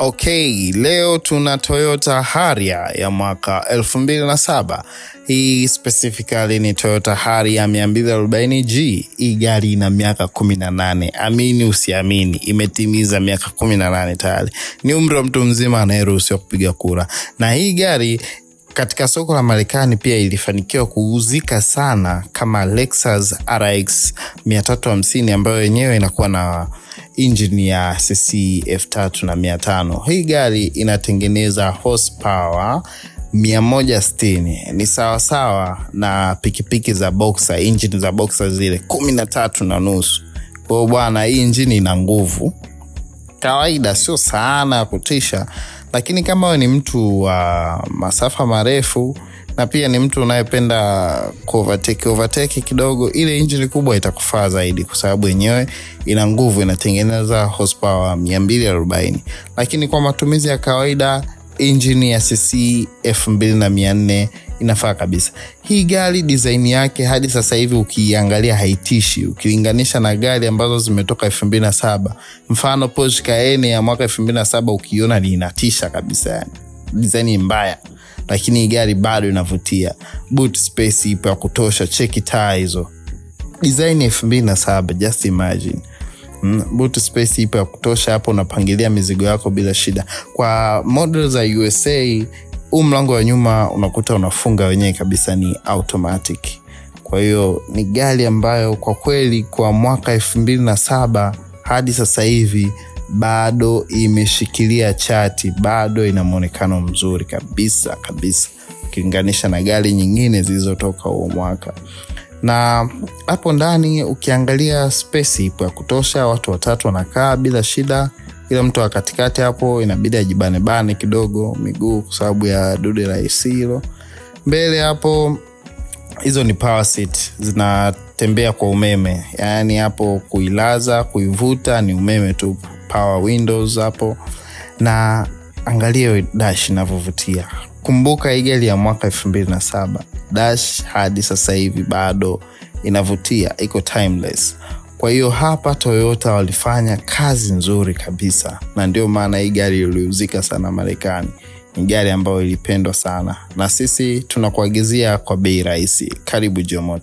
Okay, leo tuna Toyota haria ya mwaka 2007. Hii specifically ni Toyota haria 240G. Hii gari ina miaka 18. Amini usiamini, imetimiza miaka 18 tayari. Ni umri wa mtu mzima anayeruhusiwa kupiga kura. Na hii gari katika soko la Marekani pia ilifanikiwa kuuzika sana kama Lexus RX 350 ambayo yenyewe inakuwa na injini ya cc ef3a na t5 hii gari inatengeneza hospower 160 ni sawasawa na pikipiki za boksa injini za boksa zile 13 na na nusu. Kwa hiyo bwana, hii injini ina nguvu kawaida, sio sana ya kutisha, lakini kama we ni mtu wa uh, masafa marefu na pia ni mtu unayependa kuovertake overtake kidogo, ile injini kubwa itakufaa zaidi, kwa sababu yenyewe ina nguvu, inatengeneza horsepower 240 lakini kwa matumizi ya kawaida injini ya cc 2400 inafaa kabisa hii gari. Design yake hadi sasa hivi ukiangalia haitishi, ukilinganisha na gari ambazo zimetoka 2007 mfano Porsche Cayenne ya mwaka 2007 ukiona ni inatisha kabisa, yani design mbaya lakini gari bado inavutia. Boot space ipo ya kutosha, cheki taa hizo, design elfu mbili na saba, just imagine. Mm, boot space ipo ya kutosha, hapo unapangilia mizigo yako bila shida. Kwa model za USA huu mlango wa nyuma unakuta unafunga wenyewe kabisa, ni automatic. Kwa hiyo ni gari ambayo kwa kweli kwa mwaka elfu mbili na saba hadi sasa hivi bado imeshikilia chati, bado ina mwonekano mzuri kabisa kabisa ukilinganisha na gari nyingine zilizotoka huo mwaka na hapo ndani ukiangalia spesi ipo ya kutosha, watu watatu wanakaa bila shida. Ila mtu wa katikati hapo inabidi ajibanebane kidogo miguu kwa sababu ya dude la AC hilo. Mbele hapo, hizo ni power seat zinatembea kwa umeme, yaani hapo kuilaza kuivuta ni umeme tupu power windows hapo, na angalia dash inavyovutia. Kumbuka hii gari ya mwaka elfu mbili na saba dash hadi sasa hivi bado inavutia, iko timeless. Kwa hiyo hapa Toyota walifanya kazi nzuri kabisa, na ndio maana hii gari iliuzika sana Marekani. Ni gari ambayo ilipendwa sana, na sisi tunakuagizia kwa bei rahisi. Karibu Geo